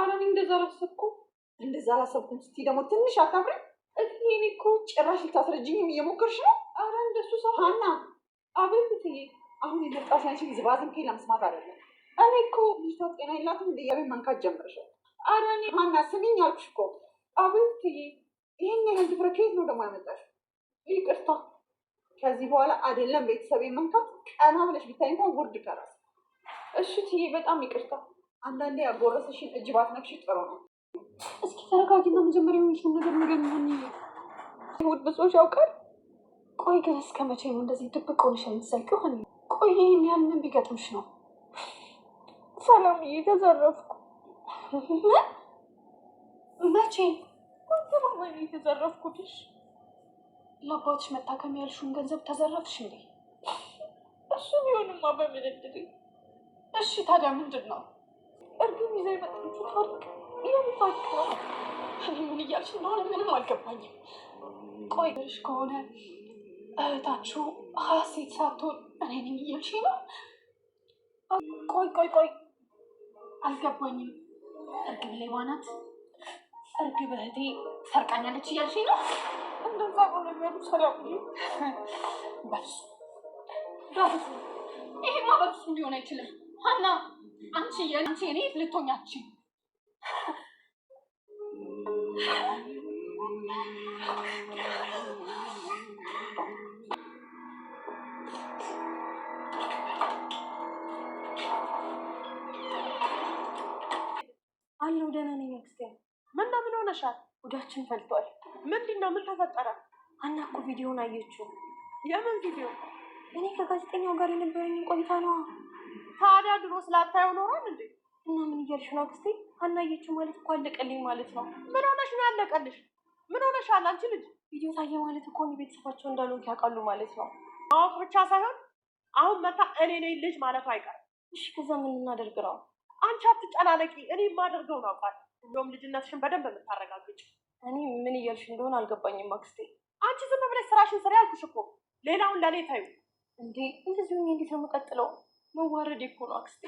ኧረ እኔ እንደዛ አላሰብኩም፣ እንደዛ አላሰብኩም ስትይ ደግሞ ትንሽ አታፍሪ። እኔ እኮ ጭራሽ ልታስረጅኝም እየሞከርሽ ነው። ኧረ እንደሱ ሰው ሀና። አቤት እትዬ። አሁን የመጣሁት አንቺን ዝባዝን ከይ ለመስማት አይደለም። እኔ እኮ ልጅቷ ጤና የላትም እንደያቤት መንካት ጀምረሻል። ኧረ እኔ ሀና ስሚኝ አልኩሽ እኮ። አቤት እትዬ፣ ይህን ያህል ድፍረት ከየት ነው ደግሞ ያመጣሽ? ይቅርታ ከዚህ በኋላ አይደለም ቤተሰብ መንካት፣ ቀና ብለሽ ብታይ እንኳን ውርድ ከራስ። እሺ ትዬ በጣም ይቅርታ። አንዳንዴ ያጎረሰሽን እጅ ባትነክሽ ጥሩ ነው። እስኪ ተረጋጊና መጀመሪያ የሆንሽን ነገር ንገሪኝ። ይሁድ ብሶች ያውቃል። ቆይ ግን እስከ መቼ ነው እንደዚህ ድብቅ ሆነሽ የምትዘልቂው? ሆን ቆይ ይህን ያንን ቢገጥምሽ ነው? ሰላምዬ ተዘረፍኩ። መቼ ወይ የተዘረፍኩትሽ? ለአባትሽ መታከም ያልሽውን ገንዘብ ተዘረፍሽ እንዴ? እሱ ቢሆንማ በምንድን። እሺ ታዲያ ምንድን ነው እርግም ይዛ የመጣችው ታሪክ የምታውቅ ነው። ምን እያልሽ እንደሆነ ምንም አልገባኝም። ቆይሽ ከሆነ እህታችሁ ሀሴት ሳትሆን እኔ ነኝ እያልሽ ነው? ቆይ ቆይ ቆይ አልገባኝም። እርግብ ሌባ ናት፣ እርግብ እህቴ ሰርቃኛለች እያልሽ ነው? እንደዛ ነው ሚያሉ ሰላም በሱ በሱ ይሄማ በሱ ሊሆን አይችልም። ሀና አንቺ አንቺ እኔ ልቶኛች? አለው ደህና ነኝ አክስቴን። ምን ነው ምን ሆነሻል? ጉዳችን ፈልቷል። ምንድን ነው ምን ተፈጠረ? ሀና እኮ ቪዲዮን አየችው። የምን ቪዲዮ? እኔ ከጋዜጠኛው ጋር የነበረኝን ቆይታ ነዋ ታዲያ ድሮ ስላታየው ኖሯል እንዴ? እና ምን እያልሽ ነው አክስቴ? አናየችው ማለት እኮ አለቀልኝ ማለት ነው። ምን ሆነሽ ነው ያለቀልሽ? ምን አለ አንቺ ልጅ? ቪዲዮ ታየ ማለት እኮ እኔ ቤተሰባቸው እንዳልሆንክ ያውቃሉ ማለት ነው። ማወቅ ብቻ ሳይሆን አሁን መታ እኔ ነኝ ልጅ ማለቱ አይቀርም። እሺ ከዛ ምን እናደርግ ነው? አንቺ አትጨናነቂ፣ እኔ የማደርገው ነው አውቃለሁ። እንደውም ልጅነትሽን በደንብ የምታረጋግጭ። እኔ ምን እያልሽ እንደሆነ አልገባኝም አክስቴ። አንቺ ዝም ብለሽ ስራሽን ስሪ ያልኩሽ እኮ ሌላውን ለኔ ታዩ እንዴ? እንደዚሁ እንዴት ነው የምቀጥለው? መዋረድ እኮ ነው አክስቴ።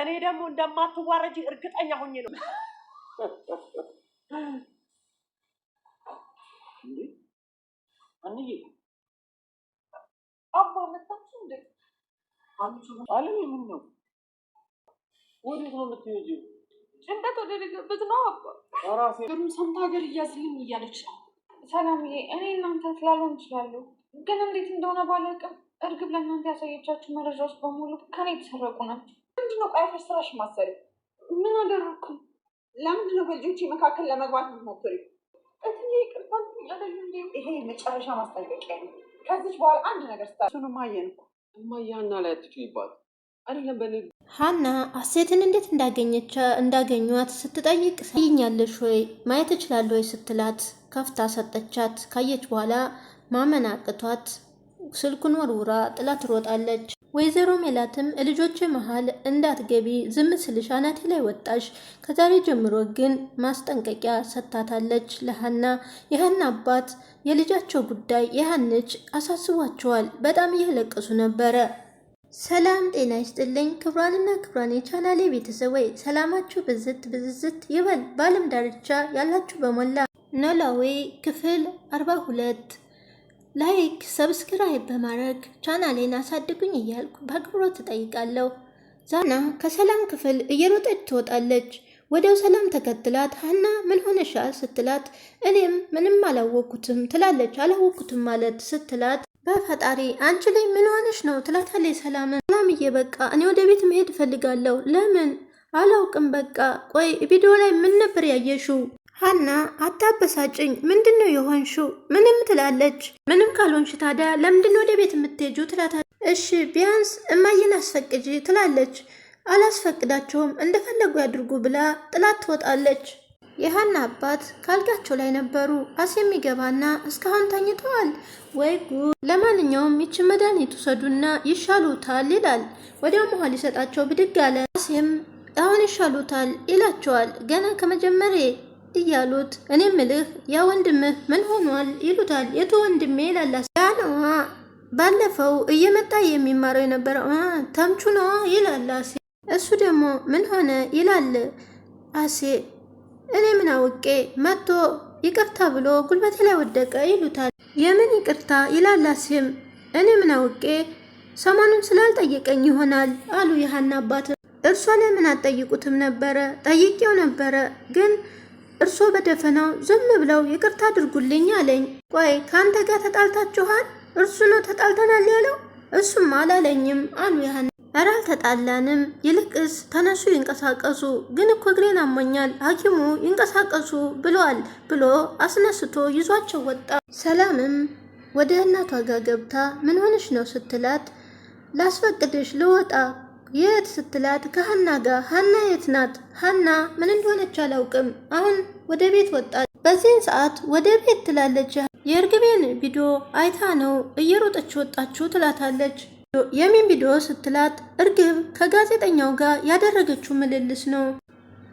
እኔ ደግሞ እንደማትዋረጅ እርግጠኛ ሆኜ ነው። አንዬ አባ መጣችሁ እንዴ? አለም የምን ነው? ወዴት ነው የምትሄጂው? ጭንቀት ወደደበት ነው አባ። ራሴ ሰምታ ሀገር እያዝልኝ እያለች ነው። ሰላምዬ፣ እኔ እናንተ ስላልሆን እችላለሁ፣ ግን እንዴት እንደሆነ ባላውቅም እርግብ ለእናንተ ያሳየቻችሁ መረጃዎች በሙሉ ከኔ የተሰረቁ ናቸው። ምንድነው ቃይፈሽ ስራሽ ማሰሪ? ምን አደረግኩ? ለምንድነው በልጆች መካከል ለመግባት የምትሞክሪው? እትዬ ይቅርታ ይሄ የመጨረሻ ማስጠንቀቂያ ነው። ከዚች በኋላ አንድ ነገር ስታ ሱን ማየን ማያና ላይ ትች ይባል ሀና አሴትን እንዴት እንዳገኘቻ እንዳገኟት ስትጠይቅ ሳይኛለሽ ወይ ማየት እችላለሁ ወይ ስትላት ከፍታ ሰጠቻት። ካየች በኋላ ማመን አቅቷት ስልኩን ወርውራ ጥላ ትሮጣለች። ወይዘሮ ሜላትም ልጆች መሀል እንዳትገቢ ዝም ስልሽ አናቴ ላይ ወጣሽ፣ ከዛሬ ጀምሮ ግን ማስጠንቀቂያ ሰጥታታለች ለሀና። የሀና አባት የልጃቸው ጉዳይ የሀንች አሳስቧቸዋል። በጣም እየለቀሱ ነበረ። ሰላም ጤና ይስጥልኝ ክብሯንና ክብሯን የቻናሌ ቤተሰብ ሰላማችሁ ብዝት ብዝዝት ይበል። በዓለም ዳርቻ ያላችሁ በሞላ ኖላዊ ክፍል አርባ ሁለት ላይክ፣ ሰብስክራይብ በማድረግ ቻናሌን አሳድጉኝ እያልኩ በአክብሮት ትጠይቃለሁ። ዛና ከሰላም ክፍል እየሮጠች ትወጣለች። ወዲያው ሰላም ተከትላት ሀና ምን ሆነሻል ስትላት እኔም ምንም አላወኩትም ትላለች። አላወኩትም ማለት ስትላት በፈጣሪ አንቺ ላይ ምን ሆነሽ ነው ትላታለች ሰላምን። ሰላም እየበቃ እኔ ወደ ቤት መሄድ እፈልጋለሁ። ለምን አላውቅም። በቃ ቆይ ቪዲዮ ላይ ምን ነበር ያየሽው? ሀና አታበሳጭኝ፣ ምንድን ነው የሆንሹ? ምንም ትላለች። ምንም ካልሆንሽ ታዲያ ለምንድን ወደ ቤት የምትሄጁ ትላታ እሺ ቢያንስ እማየን አስፈቅጂ ትላለች። አላስፈቅዳቸውም እንደፈለጉ ያድርጉ ብላ ጥላት ትወጣለች። የሀና አባት ካልጋቸው ላይ ነበሩ። አስ የሚገባና እስካሁን ተኝተዋል ወይ ጉድ! ለማንኛውም ይች መድኃኒት ውሰዱና ይሻሉታል ይላል። ወዲያው መሀል ይሰጣቸው ብድግ አለ። አሴም አሁን ይሻሉታል ይላቸዋል። ገና ከመጀመሬ እያሉት እኔ ምልህ ያ ወንድምህ ምን ሆኗል ይሉታል። የቱ ወንድሜ ይላል። ያ ባለፈው እየመጣ የሚማረው የነበረው ተምቹ ነዋ ይላል። አሴ እሱ ደግሞ ምን ሆነ ይላል። አሴ እኔ ምን አውቄ መጥቶ ይቅርታ ብሎ ጉልበቴ ላይ ወደቀ ይሉታል። የምን ይቅርታ ይላል። አሴም እኔ ምን አውቄ ሰሞኑን ስላልጠየቀኝ ይሆናል አሉ የሀና አባት። እርሷ ለምን አትጠይቁትም ነበረ? ጠይቄው ነበረ ግን እርሶ በደፈናው ዝም ብለው ይቅርታ አድርጉልኝ አለኝ። ቆይ ከአንተ ጋር ተጣልታችኋል? እርሱ ነው ተጣልተናል ያለው? እሱም አላለኝም አሉ ያህን። ኧረ አልተጣላንም፣ ይልቅስ ተነሱ ይንቀሳቀሱ፣ ግን እኮ እግሬን አሞኛል፣ ሐኪሙ ይንቀሳቀሱ ብለዋል ብሎ አስነስቶ ይዟቸው ወጣ። ሰላምም ወደ እናቷ ጋር ገብታ ምን ሆነሽ ነው ስትላት ላስፈቅድሽ ልወጣ የት ስትላት ከሀና ጋር ሀና የት ናት? ሀና ምን እንደሆነች አላውቅም። አሁን ወደ ቤት ወጣች። በዚህን ሰዓት ወደ ቤት ትላለች። የእርግቤን ቪዲዮ አይታ ነው እየሮጠች ወጣችሁ ትላታለች። የሚን ቪዲዮ ስትላት እርግብ ከጋዜጠኛው ጋር ያደረገችው ምልልስ ነው።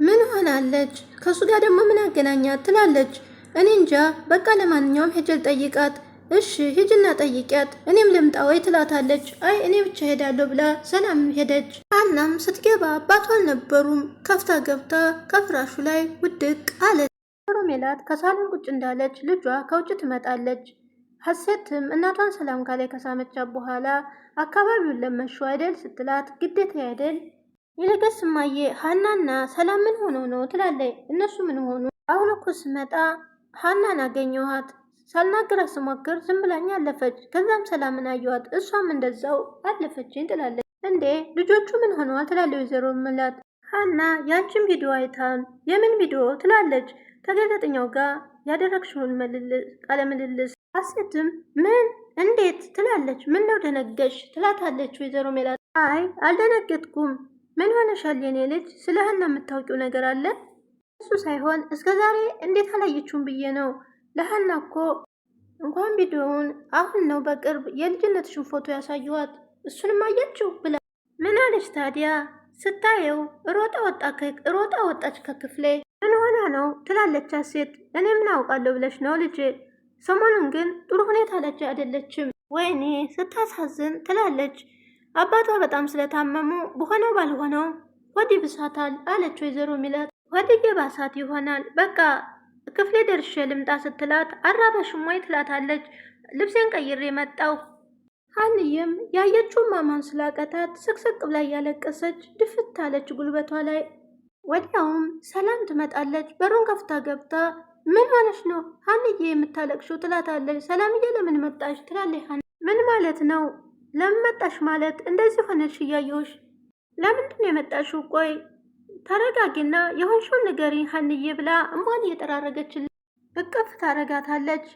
ምን ሆናለች? ከእሱ ጋር ደግሞ ምን አገናኛት? ትላለች። እኔ እንጃ በቃ ለማንኛውም ሄጀል ጠይቃት እሺ ሂጅና ጠይቂያት እኔም ልምጣ ወይ ትላታለች። አይ እኔ ብቻ ሄዳለሁ ብላ ሰላም ሄደች። አናም ስትገባ አባቷ አልነበሩም። ከፍታ ገብታ ከፍራሹ ላይ ውድቅ አለች። ወይዘሮ ሜላት ከሳሎን ቁጭ እንዳለች ልጇ ከውጭ ትመጣለች። ሀሴትም እናቷን ሰላም ካላይ ከሳመቻት በኋላ አካባቢውን ለመሹ አይደል ስትላት ግዴታ አይደል ይልቅስ እማዬ ሀናና ሰላም ምን ሆነው ነው ትላለች። እነሱ ምን ሆኑ? አሁን እኮ ስመጣ ሀናን አገኘኋት ሳልናገራት ስሞክር ዝም ብላኝ አለፈች። ከዛም ሰላምን አየዋት፣ እሷም እንደዛው አለፈችኝ ትላለች። እንዴ ልጆቹ ምን ሆነዋል ትላለች ወይዘሮ ምላት። ሀና ያንቺን ቪዲዮ አይታም የምን ቪዲዮ ትላለች። ከጋዜጠኛው ጋር ያደረግሽውን ቃለ ምልልስ አሴትም ምን እንዴት ትላለች። ምን ነው ደነገሽ ትላታለች ወይዘሮ ሜላት። አይ አልደነገጥኩም። ምን ሆነሻል የኔ ልጅ? ስለ ሀና የምታውቂው ነገር አለ? እሱ ሳይሆን እስከ ዛሬ እንዴት አላየችውም ብዬ ነው ለሀና እኮ እንኳን ቪዲዮውን አሁን ነው በቅርብ የልጅነትሽን ፎቶ ያሳየዋት እሱንም አያችው ብላ ምን አለች ታዲያ? ስታየው ሮጣ ወጣ ሮጣ ወጣች ከክፍሌ ምን ሆና ነው ትላለች ሴት እኔ ምን አውቃለሁ ብለሽ ነው ልጄ። ሰሞኑን ግን ጥሩ ሁኔታ ላይ አይደለችም። ወይኔ ስታሳዝን ትላለች። አባቷ በጣም ስለታመሙ በሆነው ባልሆነው ወዲህ ብሳታል አለች ወይዘሮ ሚለት። ወዲህ የባሳት ይሆናል በቃ ክፍሌ ደርሼ ልምጣ ስትላት አራበሽም ወይ ትላታለች። ልብሴን ቀይሬ መጣው። ሀንዬም ያየችውን ማማን ስላቀታት ስቅስቅ ብላ እያለቀሰች ድፍት አለች ጉልበቷ ላይ። ወዲያውም ሰላም ትመጣለች። በሩን ከፍታ ገብታ ምን ሆነሽ ነው ሀንዬ የምታለቅሽው? ትላታለች። ሰላምዬ ለምን መጣሽ? ትላለች። ምን ማለት ነው ለምን መጣሽ ማለት? እንደዚህ ሆነሽ እያየሁሽ ለምንድን ነው የመጣሽው? ቆይ ተረጋጊና የሆንሽውን ንገሪ ሀንዬ ብላ እሟን እየጠራረገችልን እቅፍ ታረጋታለች።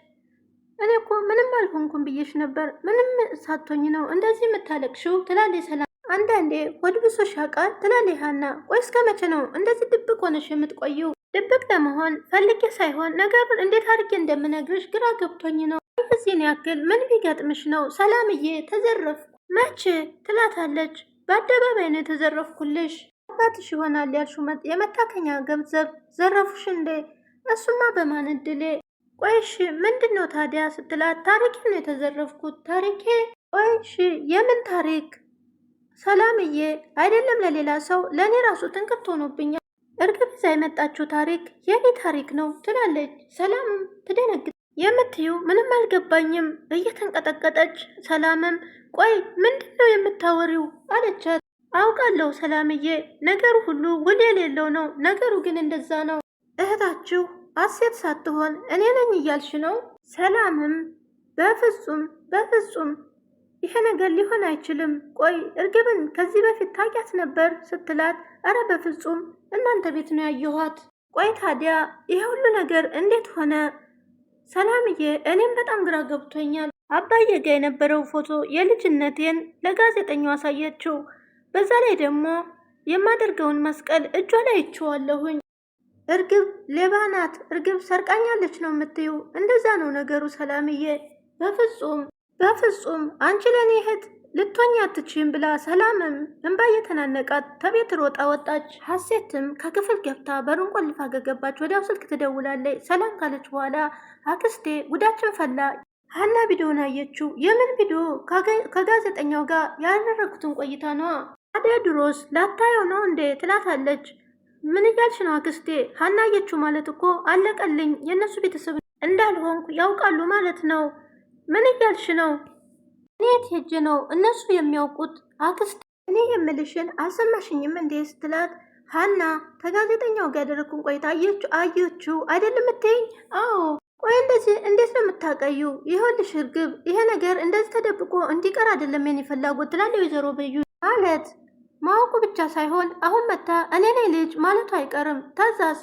እኔ እኮ ምንም አልሆንኩም ብዬሽ ነበር። ምንም ሳቶኝ ነው እንደዚህ የምታለቅሽው ትላለች ሰላም። አንዳንዴ ሆድ ብሶሽ ያውቃል ትላለች ሀና። ቆይ እስከ መቼ ነው እንደዚህ ድብቅ ሆነሽ የምትቆየው ድብቅ ለመሆን ፈልጌ ሳይሆን ነገሩን እንዴት አድርጌ እንደምነግርሽ ግራ ገብቶኝ ነው። እዚህን ያክል ምን ቢገጥምሽ ነው ሰላምዬ? ተዘረፍኩ መቼ ትላታለች። በአደባባይ ነው የተዘረፍኩልሽ አባትሽ ይሆናል ያልሽው የመታከኛ ገንዘብ ዘረፉሽ እንዴ? እሱማ በማን እድሌ? ቆይሽ ምንድን ነው ታዲያ ስትላት ታሪኬ ነው የተዘረፍኩት። ታሪኬ? ቆይሽ የምን ታሪክ? ሰላምዬ አይደለም ለሌላ ሰው ለእኔ ራሱ ትንክርት ሆኖብኛል። እርግብ ይዛ የመጣችው ታሪክ የኔ ታሪክ ነው ትላለች። ሰላምም ትደነግ የምትዩ ምንም አልገባኝም እየተንቀጠቀጠች ሰላምም ቆይ ምንድን ነው የምታወሪው አለቻት። አውቃለሁ ሰላምዬ፣ ነገሩ ሁሉ ውል የሌለው ነው። ነገሩ ግን እንደዛ ነው። እህታችሁ አሴት ሳትሆን እኔ ነኝ እያልሽ ነው? ሰላምም በፍጹም በፍጹም ይሄ ነገር ሊሆን አይችልም። ቆይ እርግብን ከዚህ በፊት ታውቂያት ነበር ስትላት፣ አረ በፍጹም እናንተ ቤት ነው ያየኋት። ቆይ ታዲያ ይሄ ሁሉ ነገር እንዴት ሆነ? ሰላምዬ፣ እኔም በጣም ግራ ገብቶኛል። አባዬ ጋ የነበረው ፎቶ የልጅነቴን ለጋዜጠኛው አሳየችው። በዛ ላይ ደግሞ የማደርገውን መስቀል እጇ ላይ ይችዋለሁኝ። እርግብ ሌባ ናት፣ እርግብ ሰርቃኛለች ነው የምትዩ? እንደዛ ነው ነገሩ ሰላምዬ። በፍጹም በፍጹም አንቺ ለኔ እህት ልትሆኝ አትችም ብላ ሰላምም እንባ እየተናነቃት ከቤት ሮጣ ወጣች። ሀሴትም ከክፍል ገብታ በሩን ቆልፋ ገገባች። ወዲያው ስልክ ትደውላለች። ሰላም ካለች በኋላ አክስቴ ጉዳችን ፈላ፣ ሀና ቪዲዮን አየችው። የምን ቪዲዮ? ከጋዜጠኛው ጋር ያደረኩትን ቆይታ ነዋ። ታዲያ ድሮስ ላታየው ነው እንዴ ትላታለች። ምን እያልሽ ነው አክስቴ? ሀናየችው ማለት እኮ አለቀልኝ፣ የእነሱ ቤተሰብ እንዳልሆንኩ ያውቃሉ ማለት ነው። ምን እያልሽ ነው? እኔ የት ነው እነሱ የሚያውቁት? አክስቴ እኔ የምልሽን አልሰማሽኝም እንዴ ስትላት ሀና ከጋዜጠኛው ጋር ያደረግኩን ቆይታ አየችው አይደለም እምትይኝ? አዎ። ቆይ እንደዚህ እንዴት ነው የምታቀዩ? ይኸውልሽ እርግብ፣ ይሄ ነገር እንደዚህ ተደብቆ እንዲቀር አይደለም የኔ ፍላጎት ትላለች ወይዘሮ በዩ ማለት ማወቁ ብቻ ሳይሆን አሁን መታ እኔ ነኝ ልጅ ማለቱ አይቀርም። ተዛዝ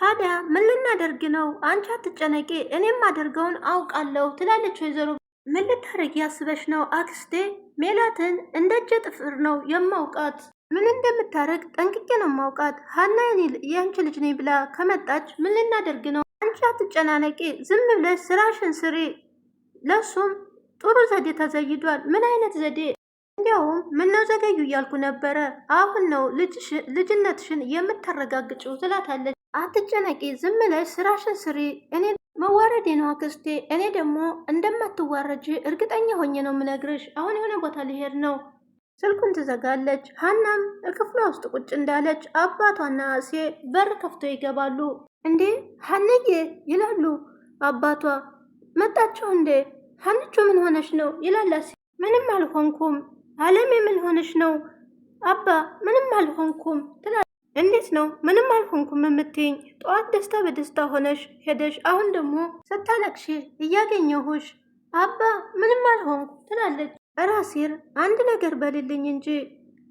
ታዲያ ምን ልናደርግ ነው? አንቺ አትጨነቂ፣ እኔም አደርገውን አውቃለሁ ትላለች ወይዘሮ ምን ልታረጊ ያስበሽ ነው አክስቴ? ሜላትን እንደ እጀ ጥፍር ነው የማውቃት። ምን እንደምታረግ ጠንቅቄ ነው ማውቃት ሀና የአንቺ ልጅ ነኝ ብላ ከመጣች ምን ልናደርግ ነው? አንቺ አትጨናነቂ፣ ዝም ብለሽ ስራሽን ስሪ። ለሱም ጥሩ ዘዴ ተዘይዷል። ምን አይነት ዘዴ? እንዲያውም ምነው ዘገዩ እያልኩ ነበረ። አሁን ነው ልጅነትሽን የምታረጋግጭው ትላታለች። አትጨነቂ፣ ዝም ብለሽ ስራሽን ስሪ። እኔ መዋረዴ ነው አክስቴ። እኔ ደግሞ እንደማትዋረጅ እርግጠኛ ሆኜ ነው ምነግርሽ አሁን የሆነ ቦታ ልሄድ ነው። ስልኩን ትዘጋለች። ሀናም ክፍሏ ውስጥ ቁጭ እንዳለች አባቷና አሴ በር ከፍቶ ይገባሉ። እንዴ ሀንዬ ይላሉ አባቷ። መጣችሁ እንዴ? ሀንቹ ምን ሆነች ነው ይላል አሴ። ምንም አልሆንኩም አለሜ ምን ሆነሽ ነው አባ? ምንም አልሆንኩም ትላ እንዴት ነው ምንም አልሆንኩም የምትይኝ? ጠዋት ደስታ በደስታ ሆነሽ ሄደሽ፣ አሁን ደግሞ ስታለቅሽ እያገኘሁሽ አባ ምንም አልሆንኩ ትላለች። ራሲር አንድ ነገር በልልኝ እንጂ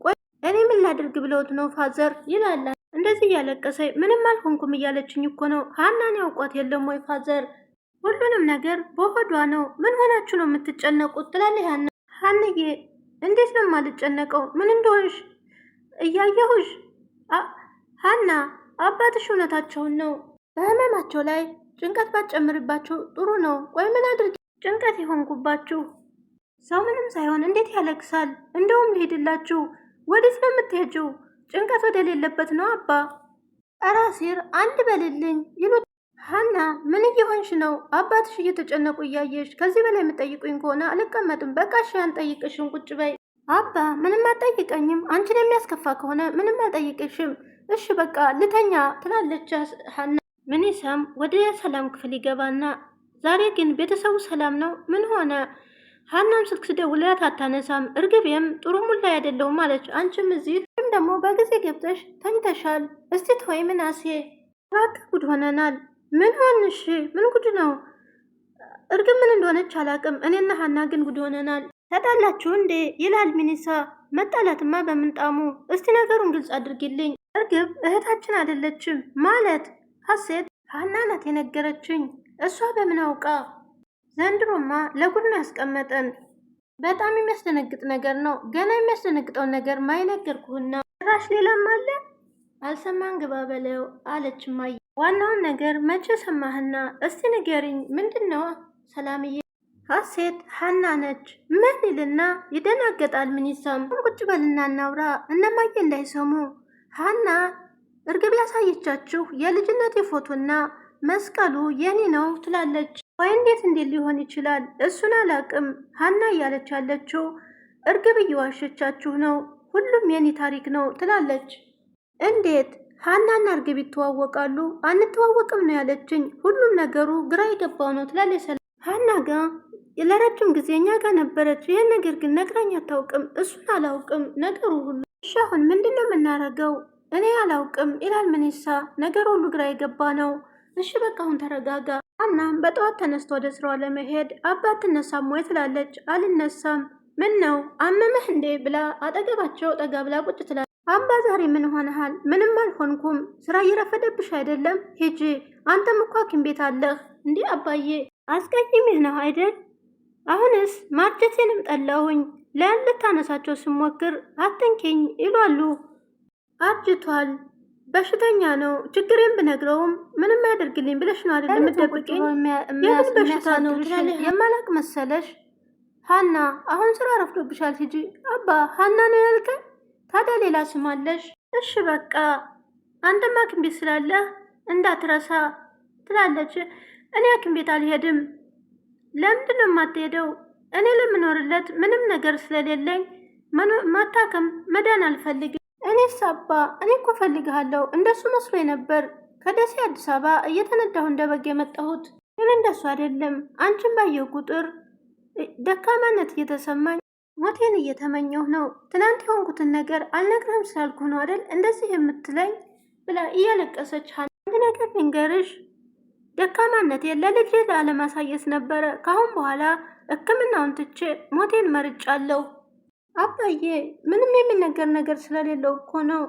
ቆይ እኔ ምን ላድርግ ብለውት ነው ፋዘር ይላላ። እንደዚህ እያለቀሰ ምንም አልሆንኩም እያለችኝ እኮ ነው። ሀናን ያውቋት የለም ወይ ፋዘር? ሁሉንም ነገር በሆዷ ነው። ምን ሆናችሁ ነው የምትጨነቁት? ትላለ ሀና። ሀንዬ እንዴት ነው የማልጨነቀው? ምን እንደሆንሽ እያየሁሽ። ሀና አባትሽ እውነታቸውን ነው። በህመማቸው ላይ ጭንቀት ባጨምርባቸው ጥሩ ነው። ቆይ ምን አድርጌ ጭንቀት የሆንኩባችሁ? ሰው ምንም ሳይሆን እንዴት ያለቅሳል? እንደውም ልሄድላችሁ። ወዴት ነው የምትሄጂው? ጭንቀት ወደሌለበት ነው አባ። ኧረ አንድ በልልኝ ይሉ እና ምን እየሆንሽ ነው? አባትሽ እየተጨነቁ እያየሽ ከዚህ በላይ የምጠይቁኝ ከሆነ አልቀመጥም። በቃ እሺ አንጠይቅሽም፣ ቁጭ በይ። አባ ምንም አጠይቀኝም። አንቺን የሚያስከፋ ከሆነ ምንም አጠይቅሽም። እሺ በቃ ልተኛ ትላለች ሀና። ይሳም ወደ ሰላም ክፍል ይገባና ዛሬ ግን ቤተሰቡ ሰላም ነው? ምን ሆነ? ሀናም ስልክ ስደውልላት አታነሳም። እርግቤም ጥሩ ሙላ አይደለሁም አለች። አንቺም እዚህ ደግሞ በጊዜ ገብተሽ ተኝተሻል። እስቲ ተወይ ምናሴ፣ እባክህ ጉድ ሆነናል። ምን ሆንሽ? ምን ጉድ ነው? እርግብ ምን እንደሆነች አላውቅም። እኔና ሀና ግን ጉድ ሆነናል። ተጣላችሁ እንዴ? ይላል ሚኒሳ። መጣላትማ በምንጣሙ። እስቲ ነገሩን ግልጽ አድርጊልኝ። እርግብ እህታችን አይደለችም ማለት ሀሴት ሀና ናት የነገረችኝ። እሷ በምን አውቃ? ዘንድሮማ ለጉድ ነው ያስቀመጠን። በጣም የሚያስደነግጥ ነገር ነው። ገና የሚያስደነግጠውን ነገር ማይነገርኩህና ራሽ ሌላም አለ። አልሰማን ግባ በለው አለች ማየ ዋናውን ነገር መቼ ሰማህና? እስቲ ንገሪኝ፣ ምንድን ነው ሰላምዬ? ሀሴት ሀና ነች። ምን ይልና ይደናገጣል። ምን ይሰሙ? ቁጭ በልና እናውራ፣ እነማየ እንዳይሰሙ። ሀና እርግብ ያሳየቻችሁ የልጅነት የፎቶና መስቀሉ የኔ ነው ትላለች። ወይ እንዴት እንዴት ሊሆን ይችላል? እሱን አላቅም። ሀና እያለች ያለችው እርግብ እየዋሸቻችሁ ነው፣ ሁሉም የኔ ታሪክ ነው ትላለች። እንዴት ሀናና እርግብ ይተዋወቃሉ። አንተዋወቅም ነው ያለችኝ። ሁሉም ነገሩ ግራ የገባው ነው ትላለች ሰላም። ሀና ጋ ለረጅም ጊዜ እኛ ጋር ነበረች። ይህን ነገር ግን ነግራኝ አታውቅም። እሱን አላውቅም ነገሩ ሁሉ። እሺ አሁን ምንድን ነው የምናረገው? እኔ አላውቅም ይላል ምንሳ። ነገሩ ሁሉ ግራ የገባ ነው። እሺ በቃ አሁን ተረጋጋ። ሀናም በጠዋት ተነስቶ ወደ ስራዋ ለመሄድ አባት ትነሳም ወይ ትላለች። አልነሳም ምን ነው አመመህ እንዴ ብላ አጠገባቸው ጠጋ ብላ ቁጭ ትላለች። አባ ዛሬ ምን ሆነሃል? ምንም አልሆንኩም። ስራ እየረፈደብሽ አይደለም? ሂጂ። አንተም እኮ ሐኪም ቤት አለህ። እንዲ አባዬ አስቀይሜህ ነው አይደል? አሁንስ ማርጀቴንም ጠላሁኝ። ለያን ልታነሳቸው ስሞክር አትንኪኝ ይሏሉ። አርጅቷል፣ በሽተኛ ነው። ችግሬን ብነግረውም ምንም ያደርግልኝ ብለሽ ነው አይደል የምትደብቂኝ? የምን በሽታ ነው የማላቅ መሰለሽ? ሀና፣ አሁን ስራ ረፍዶብሻል። ሂጂ። አባ ሀና ነው ያልከኝ? ታዲያ ሌላ ስም አለሽ? እሺ በቃ አንተም ሐኪም ቤት ስላለ እንዳትረሳ ትላለች። እኔ ሐኪም ቤት አልሄድም። ለምንድን ነው የማትሄደው? እኔ ለምኖርለት ምንም ነገር ስለሌለኝ ማታከም መዳን አልፈልግም። እኔ ሳባ እኔ እኮ እፈልግሃለሁ። እንደሱ መስሎ ነበር ከደሴ አዲስ አበባ እየተነዳሁ እንደ በግ የመጣሁት። ግን እንደሱ አይደለም። አንቺን ባየው ቁጥር ደካማነት እየተሰማኝ ሞቴን እየተመኘሁ ነው። ትናንት የሆንኩትን ነገር አልነግረም ስላልኩ ነው አይደል እንደዚህ የምትለኝ ብላ እያለቀሰች፣ አንድ ነገር ልንገርሽ፣ ደካማነቴን ለልጄ ላለማሳየት ነበረ። ከአሁን በኋላ ሕክምናውን ትቼ ሞቴን መርጫለሁ። አባዬ ምንም የሚነገር ነገር ስለሌለው እኮ ነው።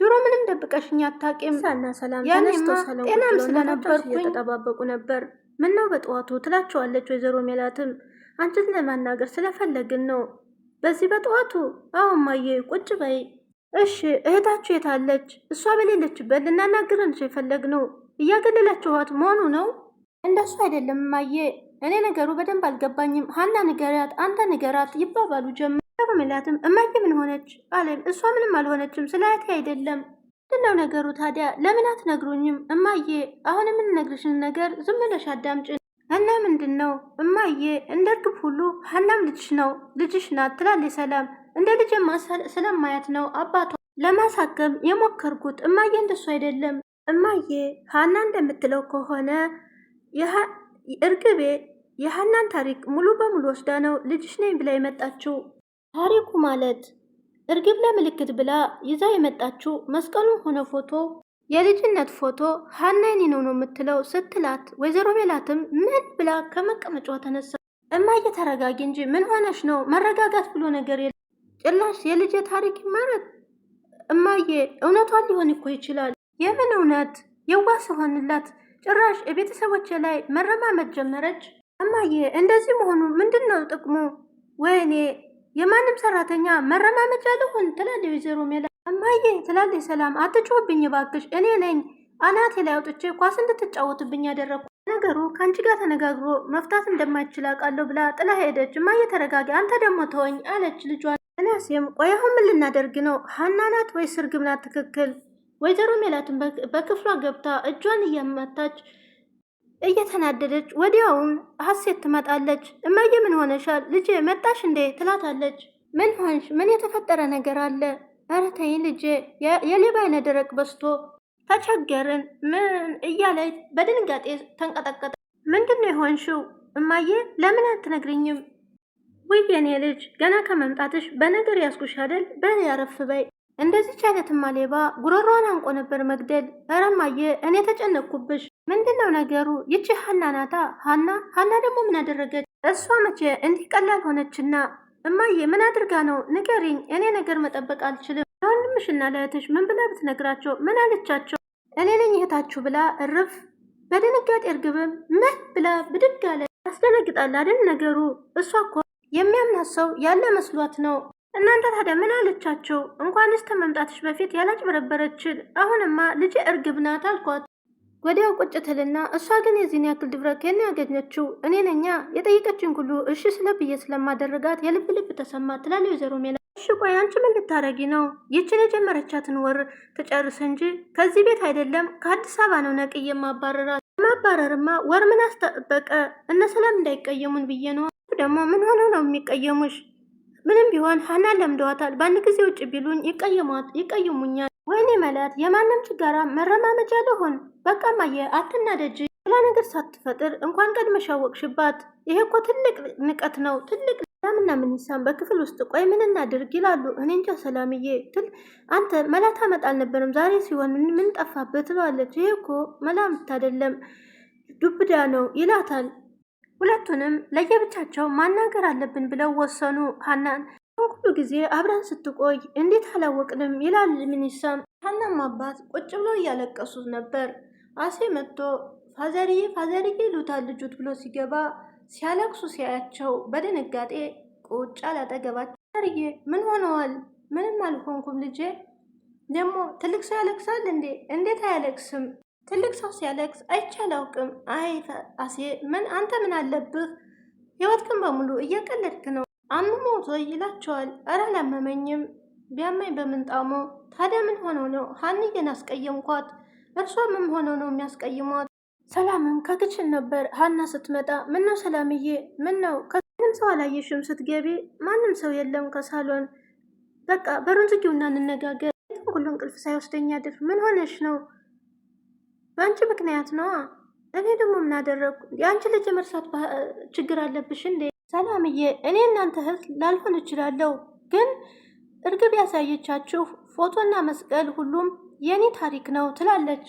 ድሮ ምንም ደብቀሽኝ አታውቂም። ያኔማ ጤናም ስለነበርኩኝ ተጠባበቁ ነበር። ምነው በጠዋቱ ትላቸዋለች ወይዘሮ ሜላትም አንቺን ለማናገር ስለፈለግን ነው። በዚህ በጠዋቱ አሁን ማየ ቁጭ በይ እሺ። እህታችሁ የታለች? እሷ በሌለችበት ልናናግረንሽ የፈለግነው እያገለላችኋት መሆኑ ነው። እንደሱ አይደለም ማየ፣ እኔ ነገሩ በደንብ አልገባኝም። ሀና ንገሪያት፣ አንተ ንገራት ይባባሉ ጀምር። በምላትም እማዬ ምን ሆነች አለም። እሷ ምንም አልሆነችም፣ ስላያቴ አይደለም ምንድነው ነገሩ ታዲያ? ለምን አትነግሩኝም? እማዬ አሁን የምንነግርሽን ነገር ዝም ብለሽ አዳምጪ። እና ምንድን ነው እማዬ፣ እንደ እርግብ ሁሉ ሀናም ልጅሽ ነው ልጅሽ ናት ትላለች ሰላም። እንደ ልጅማ ስለማያት ነው አባቷ ለማሳከም የሞከርኩት እማዬ፣ እንደሱ አይደለም እማዬ። ሀና እንደምትለው ከሆነ እርግቤ የሀናን ታሪክ ሙሉ በሙሉ ወስዳ ነው ልጅሽ ነኝ ብላ የመጣችው። ታሪኩ ማለት እርግብ ለምልክት ብላ ይዛ የመጣችው መስቀሉን ሆነ ፎቶ የልጅነት ፎቶ ሀና የኔ ነው ነው የምትለው ስትላት፣ ወይዘሮ ቤላትም ምን ብላ ከመቀመጫዋ ተነሳ። እማዬ ተረጋጊ እንጂ ምን ሆነሽ ነው? መረጋጋት ብሎ ነገር የለ። ጭራሽ የልጄ ታሪክ ማለት እማዬ እውነቷን ሊሆን እኮ ይችላል። የምን እውነት? የዋ ስሆንላት ጭራሽ ቤተሰቦቼ ላይ መረማመድ ጀመረች። እማዬ እንደዚህ መሆኑ ምንድን ነው ጥቅሙ? ወይኔ የማንም ሰራተኛ መረማመጃ ልሁን ትላለች ወይዘሮ ሜላ እማዬ ትላለች ሰላም። አትጮህብኝ እባክሽ፣ እኔ ነኝ አናቴ ላይ አውጥቼ ኳስ እንድትጫወትብኝ ያደረግኩ። ነገሩ ከአንቺ ጋር ተነጋግሮ መፍታት እንደማይችል አውቃለሁ ብላ ጥላ ሄደች። እማዬ ተረጋጊ፣ አንተ ደግሞ ተወኝ አለች ልጇን። እናሴም ቆይ አሁን ምን ልናደርግ ነው? ሀና ናት ወይስ እርግብ ናት ትክክል? ወይዘሮ ሜላትን በክፍሏ ገብታ እጇን እያመታች እየተናደደች ወዲያውም ሀሴት ትመጣለች። እማዬ ምን ሆነሻል? ልጄ መጣሽ እንዴ? ትላታለች። ምን ሆንሽ? ምን የተፈጠረ ነገር አለ? ኧረ ተይ ልጄ የሌባ አይነ ደረቅ በስቶ ተቸገርን ምን እያለች በድንጋጤ ተንቀጠቀጠ። ምንድን ነው የሆንሽው እማዬ? ለምን አትነግሪኝም? ውይ የኔ ልጅ ገና ከመምጣትሽ በነገር ያስኩሽ አይደል? በል ያረፍ በይ። እንደዚች አይነትማ ሌባ ጉሮሯን አንቆ ነበር መግደል። ኧረ እማዬ እኔ ተጨነቅኩብሽ። ምንድን ነው ነገሩ? ይቺ ሀና ናታ። ሀና ሀና ደግሞ ምን አደረገች? እሷ መቼ እንዲህ ቀላል ሆነችና እማዬ ምን አድርጋ ነው ንገሪኝ። እኔ ነገር መጠበቅ አልችልም። ለወንድምሽና ለእህትሽ ምን ብላ ብትነግራቸው ምን አለቻቸው? እኔ ነኝ እህታችሁ ብላ እርፍ። በድንጋጤ እርግብም ምን ብላ ብድግ አለ። ያስደነግጣል አይደል ነገሩ። እሷ እኮ የሚያምናት ሰው ያለ መስሏት ነው። እናንተ ታዲያ ምን አለቻቸው? እንኳንስ መምጣትሽ በፊት ያላጭበረበረችን፣ አሁንማ ልጄ እርግብ ናት አልኳት። ወዲያው ቁጭ ትልና እሷ ግን የዚህን ያክል ድብረት ከን ያገኘችው እኔ ነኛ። የጠየቀችኝ ሁሉ እሺ ብዬ ስለማደረጋት የልብ ልብ ተሰማ ትላል ወይዘሮ ሜላ። እሺ ቆይ አንቺ ምን ልታረጊ ነው? ይችን የጀመረቻትን ወር ትጨርስ እንጂ ከዚህ ቤት አይደለም ከአዲስ አበባ ነው ነቅዬ የማባረራት። ማባረርማ ወር ምን አስጠበቀ? እነ ሰላም እንዳይቀየሙን ብዬ ነው። ደግሞ ምን ሆኖ ነው የሚቀየሙሽ? ምንም ቢሆን ሀና ለምደዋታል። በአንድ ጊዜ ውጭ ቢሉኝ ይቀየሙኛል። ወይኔ መለት የማንም ችጋራ መረማመጃ ልሆን። በቃ ማየ አትናደጅ። ሌላ ነገር ሳትፈጥር እንኳን ቀድመሽ አወቅሽባት። ይሄ እኮ ትልቅ ንቀት ነው። ትልቅ ሰላምና ምንሳም በክፍል ውስጥ ቆይ ምን እናድርግ ይላሉ። እኔ እንጃ ሰላምዬ ትል አንተ መላት አመጣ አልነበረም ዛሬ ሲሆን ምን ጠፋበት ትለዋለች። ይሄ እኮ መላምት አይደለም ዱብዳ ነው ይላታል። ሁለቱንም ለየብቻቸው ማናገር አለብን ብለው ወሰኑ ሀናን ሁሉ ጊዜ አብረን ስትቆይ እንዴት አላወቅንም ይላል ሚኒሳም ሀናም አባት ቁጭ ብሎ እያለቀሱ ነበር። አሴ መጥቶ ፋዘርዬ ፋዘርዬ ይሉታል ልጁት ብሎ ሲገባ ሲያለቅሱ ሲያያቸው በድንጋጤ ቁጭ አላጠገባቸው። ፋዘርዬ ምን ሆነዋል? ምንም አልሆንኩም ልጄ። ደግሞ ትልቅ ሰው ያለቅሳል እንዴ? እንዴት አያለቅስም? ትልቅ ሰው ሲያለቅስ አይቼ አላውቅም። አይ አሴ ምን አንተ ምን አለብህ? ህይወትክን በሙሉ እየቀለድክ ነው። አምሞ ዞይ ይላቸዋል። እረ አላመመኝም፣ ቢያመኝ ታዲያ ምን ሆነው ነው? ሀንዬን አስቀየምኳት። እርሷ ምን ሆኖ ነው የሚያስቀይሟት? ሰላምም ከክችን ነበር ሀና ስትመጣ። ነው ሰላምዬ፣ ምን ነው ምንም ሰው አላየሽም? ስትገቢ ማንም ሰው የለም ከሳሎን። በቃ በሩን ዝጊውና እንነጋገር። ሁሉን እንቅልፍ ሳይወስደኝ አድር። ምን ሆነሽ ነው? በአንቺ ምክንያት ነዋ። እኔ ደግሞ ምን አደረግኩ? የአንቺ ልጅ መርሳት ችግር አለብሽ እንዴ? ሰላምዬ እኔ እናንተ እህት ላልሆን እችላለሁ፣ ግን እርግብ ያሳየቻችሁ ፎቶና መስቀል ሁሉም የእኔ ታሪክ ነው ትላለች።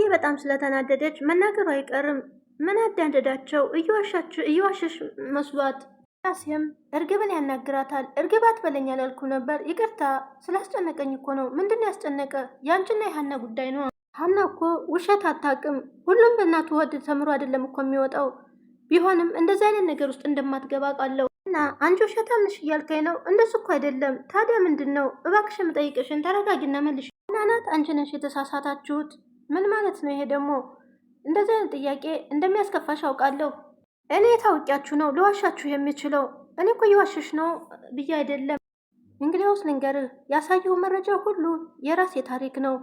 ይህ በጣም ስለተናደደች መናገሩ አይቀርም። ምን አዳንደዳቸው? እየዋሸሽ መስሏት። ራሴም እርግብን ያናግራታል። እርግብ አትበለኝ ያላልኩ ነበር፣ ይቅርታ ስላስጨነቀኝ እኮ ነው። ምንድን ነው ያስጨነቀ? የአንችና የሀና ጉዳይ ነው። ሀና እኮ ውሸት አታውቅም። ሁሉም በእናቱ ወድ ተምሮ አይደለም እኮ የሚወጣው ቢሆንም እንደዚህ አይነት ነገር ውስጥ እንደማትገባ ቃለው እና አንቺ ውሸታም ነሽ እያልከኝ ነው? እንደሱ እኮ አይደለም። ታዲያ ምንድን ነው? እባክሽ የምጠይቅሽን ተረጋጊና መልሽ። እናናት አንቺ ነሽ የተሳሳታችሁት። ምን ማለት ነው ይሄ ደግሞ? እንደዚህ አይነት ጥያቄ እንደሚያስከፋሽ አውቃለሁ። እኔ የታውቂያችሁ ነው ልዋሻችሁ የሚችለው? እኔ እኮ እየዋሸሽ ነው ብዬ አይደለም። እንግዲያውስ ልንገርህ፣ ያሳየው መረጃ ሁሉ የራሴ ታሪክ ነው።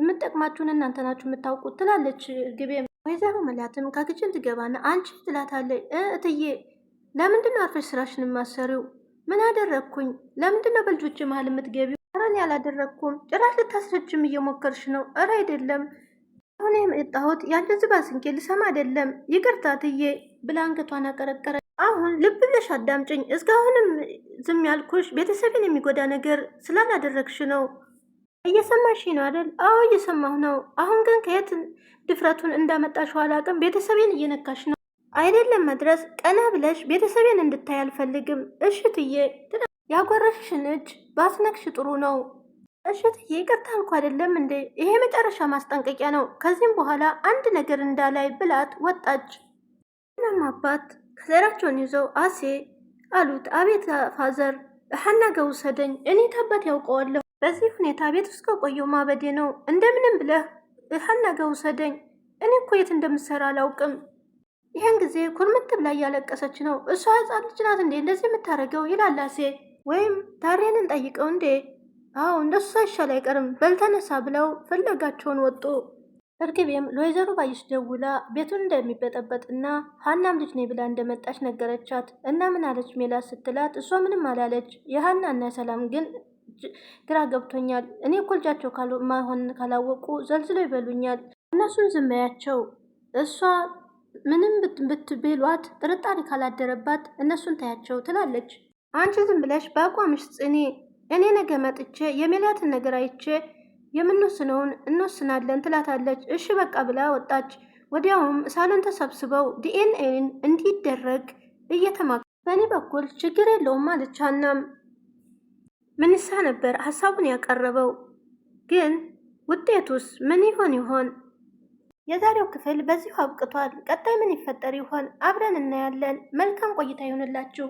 የምጠቅማችሁን እናንተ ናችሁ የምታውቁት ትላለች ግቤ ወይዘሮ መላትም ከግጭን ትገባና አንቺ ትላታለች፣ እትዬ ለምንድን ነው አርፈሽ ስራሽን የማሰሪው? ምን አደረግኩኝ? ለምንድን ነው በልጆች መሀል የምትገቢው? ረን ያላደረግኩም፣ ጭራሽ ልታስረጅም እየሞከርሽ ነው። እረ አይደለም፣ አሁን የመጣሁት ያንቺን ስንኬ ልሰማ አይደለም። ይቅርታ እትዬ ብላ አንገቷን አቀረቀረ። አሁን ልብ ብለሽ አዳምጭኝ እስካሁንም ዝም ያልኩሽ ቤተሰብን የሚጎዳ ነገር ስላላደረግሽ ነው። እየሰማሽ ነው አይደል? አዎ እየሰማሁ ነው። አሁን ግን ከየት ድፍረቱን እንዳመጣሽ አላውቅም። ቤተሰቤን እየነካሽ ነው። አይደለም መድረስ፣ ቀና ብለሽ ቤተሰቤን እንድታይ አልፈልግም። እሽትዬ ትዬ፣ ያጎረሽሽን እጅ ባስነክሽ ጥሩ ነው። እሽትዬ ትዬ፣ ይቅርታ አልኩ አይደለም እንዴ? ይሄ መጨረሻ ማስጠንቀቂያ ነው። ከዚህም በኋላ አንድ ነገር እንዳላይ ብላት ወጣች። እናም አባት ከዘራቸውን ይዘው አሴ አሉት። አቤት ፋዘር፣ ሀና ገውሰደኝ ውሰደኝ። እኔ ታባት ያውቀዋለሁ በዚህ ሁኔታ ቤት ውስጥ ከቆየው ማበዴ ነው። እንደምንም ብለህ ሀና ጋ ውሰደኝ። እኔ እኮ የት እንደምሰራ አላውቅም። ይህን ጊዜ ኩርምት ብላ እያለቀሰች ነው። እሷ ህፃን ልጅ ናት እንዴ እንደዚህ የምታደርገው ይላል አሴ። ወይም ታሬንን ጠይቀው እንዴ? አዎ እንደሱ ሳይሻል አይቀርም። በልተነሳ ብለው ፈለጋቸውን ወጡ። እርግቤም ለወይዘሮ ባይሽ ደውላ ቤቱን እንደሚበጠበጥና ሀናም ልጅ ነኝ ብላ እንደመጣች ነገረቻት እና ምን አለች ሜላ ስትላት እሷ ምንም አላለች። የሀናና የሰላም ግን ግራ ገብቶኛል። እኔ እኮ ልጃቸው ማሆን ካላወቁ ዘልዝለው ይበሉኛል። እነሱን ዝም እሷ ምንም ብትቤሏት ጥርጣሬ ካላደረባት እነሱን ታያቸው ትላለች። አንቺ ዝም ብለሽ በአቋምሽ ጽኔ። እኔ ነገ መጥቼ የሜላትን ነገር አይቼ የምንወስነውን እንወስናለን ትላታለች። እሺ በቃ ብላ ወጣች። ወዲያውም ሳሎን ተሰብስበው ዲኤንኤን እንዲደረግ እየተማ በእኔ በኩል ችግር የለውም አለች ምንሳ ነበር ሀሳቡን ያቀረበው? ግን ውጤቱስ ምን ይሆን ይሆን? የዛሬው ክፍል በዚሁ አብቅቷል። ቀጣይ ምን ይፈጠር ይሆን? አብረን እናያለን። መልካም ቆይታ ይሆንላችሁ።